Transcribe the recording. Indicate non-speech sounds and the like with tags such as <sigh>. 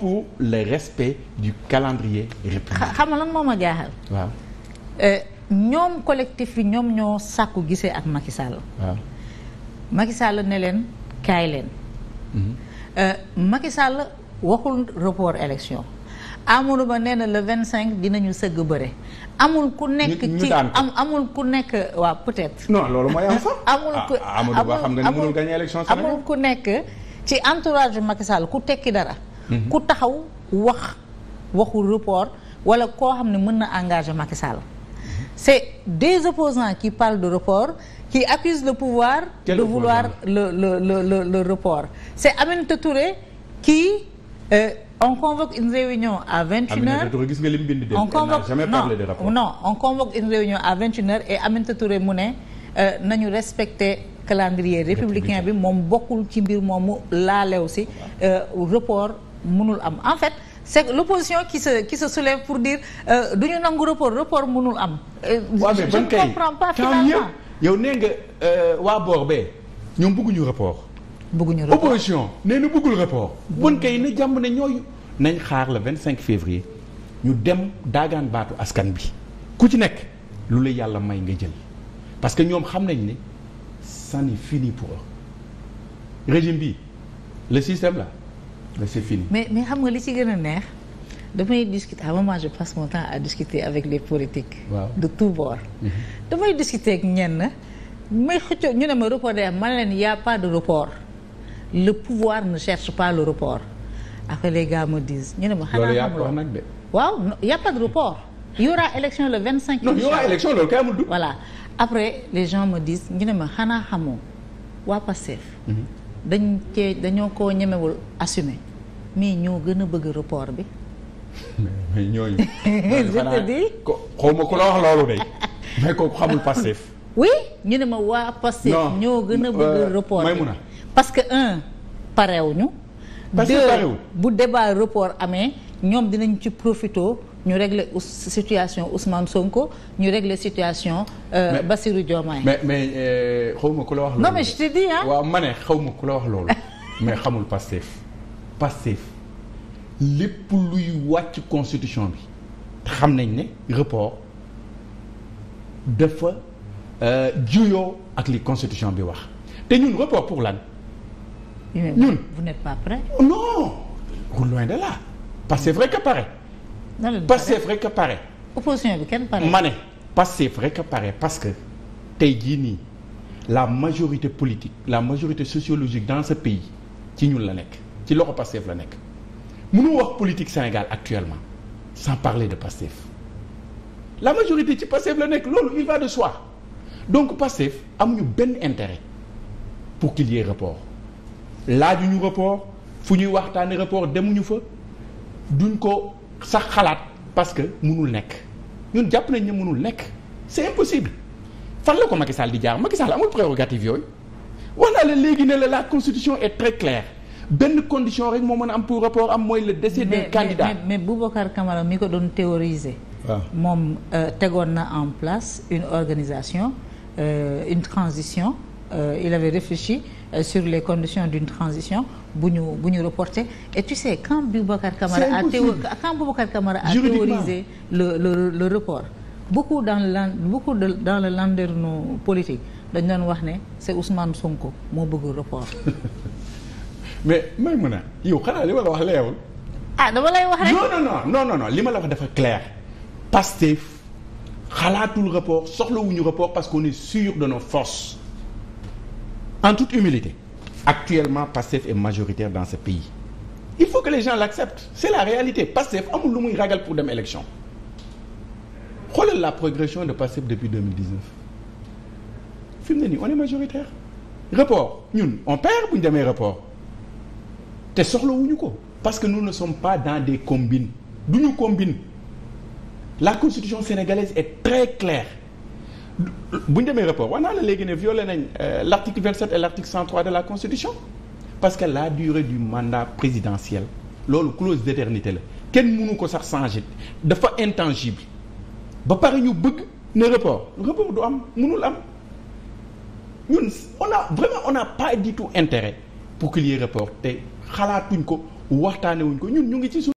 pour le respect du calendrier xam nga lan moo ma jaaxal. waaw. Euh, ñoom collectif bi ñoom ñoo sàkku gisee ak Macky Sall. waaw Macky ne leen kaay leen. Mhm. Euh, Macky Sall waxul report élection. Amadou Ba nee na le 25 dinañu sëgg bëre. amul ku nekk ci am amul ku nekk waa peut-être. non loolu mooy am sax. <laughs> amul ku ah, xam nga ni mënul gagner amul ku nekk ci entourage Macky ku tekki dara. ku taxaw wax waxu report wala koo xam ne mën na engagement Macky Sall. c'est des opposants qui parlent de report qui accusent le pouvoir de vouloir le, le le le le report c'est Aminata Touré qui euh, on convoque une réunion à 21h on convoque non une réunion à 21 et Aminata Touré mu ne euh, na ñu respecter calendrier républicain bi moom bokkul ci mbir moomu laalew si euh, report mënul am en fait c'est l'opposition ki sa qui sa soulève pour dire euh, du ñu nangu report report mënul am. Euh, je ne comprends pas finalement yow nee nga euh, waa boor bee ñoom bëgguñu report. bëgguñu report opposition nee na bëggul report. bon kay na jàmm ne ñooy nañ xaar le 25 février ñu dem daagaan baatu askan bi ku ci nekk lu la yàlla may nga jël parce que ñoom xam nañ ni c'en est fini pour eux régime bi le système la mais c'est fini mais xam nga li ci gën a neex damay discuter à un moment je passe mon temps discuter avec les politiques. waaw de tous mhm. damay discuter ak ñenn may xëccoo ñu ne ma leen y' a pas de report le pouvoir ne cherche pas le report après les gars ma. xanaa y' a pas de le 25. non y voilà après les gens me disent ñu ne ma xanaa xamoo waa Pastef. Mhm. dañ cee dañoo koo ñemewul assumer. mais ñoo gën a bëgg report bi. mais ñooñu. <laughs> xanaa xaw ma ku la wax loolu mais kooku xamul Pastef. oui ñu ne ma waa Pastef. ñoo gën a bëgg euh, report bi parce que un parewuñu. deux bu débat report amee ñoom dinañ ci profito ñu régler situation Ousmane Sonko ñu régle situation. Euh, Bassirou mais mais xaw ma ku la wax. loolu non mais xaw ma ku la wax loolu mais xamul Pastef. Pastef lépp luy wàcc constitution bi xam nañ ne report dafa euh, juyoo ak li constitution bi wax te ñun report pour lan. Eh, ñun vous n'êtes pas prêt. non loin de là Pastef rekk pare. Pastef rekk pare. opposition bi kenn ma ne Pastef rekk pare parce que tey jii nii la majorité politique la majorité sociologique dans ce pays ci ñun la nekk. ci loxo Pastef la nekk mënoo wax politique Sénégal actuellement sans parler de Pastef la majorité ci Pastef la nekk loolu il va de soi donc Pastef amuñu benn intérêt pour qu'il y ait report laajuñu report fu ñuy waxtaane report demuñu fa duñ ko sax xalaat parce que mënul nekk ñun jàpp nañ ne mënul nekk c'est impossible fan la ko Macky Sall di jaar Macky Sall amul prérogative yooyu wax naa la léegi ne la la constitution est très claire benn condition rek moo mën am pour rapport am mooy le décès d'un candidat mais mais Boubacar Camara mi ko doon théoriser. waaw ah. moom euh, tegoon na en place une organisation euh, une transition euh, il avait réfléchi sur les conditions d'une transition bu ñu bu ñu reporté et tu sais quand Boubacar Camara a quand Boubacar Camara a théorisé le le le report beaucoup dans le beaucoup de dans le landerneau politique dañ doon wax ne c'est Ousmane Sonko moo bëgg report <laughs> mais may mu a yow xanaa li ma la wax leewul. ah lay wax rek. non non non non non li ma la wax dafa clair. Pastef xalaatul rapport soxlawuñu rapport parce qu'on est sûr de nos forces en toute humilité actuellement Pastef est majoritaire dans ce pays il faut que les gens l'acceptent c'est la réalité Pastef amul lu muy ragal pour dem élection xoolal la progression de Pastef depuis 2019 fi mu ne nii on est majoritaire rapport ñun on perd bu ñu demee rapport te soxlawuñu ko parce que nous ne sommes pas dans des combines duñu combine la constitution sénégalaise est très claire bu ñu demee rapport wax naa la léegi ne violé nañ euh, l' article 27 et l' article 103 de la constitution parce que la durée du mandat présidentiel loolu clause d' éternité la kenn mënu ko sax changer dafa intangible ba pare ñu bëgg ne report report du am mënul am ñun on a vraiment on n'a pas du tout intérêt pour qu'il y ait report wuñ xalaatuñ ko waxtaanewuñ ko ñun ñu ngi ci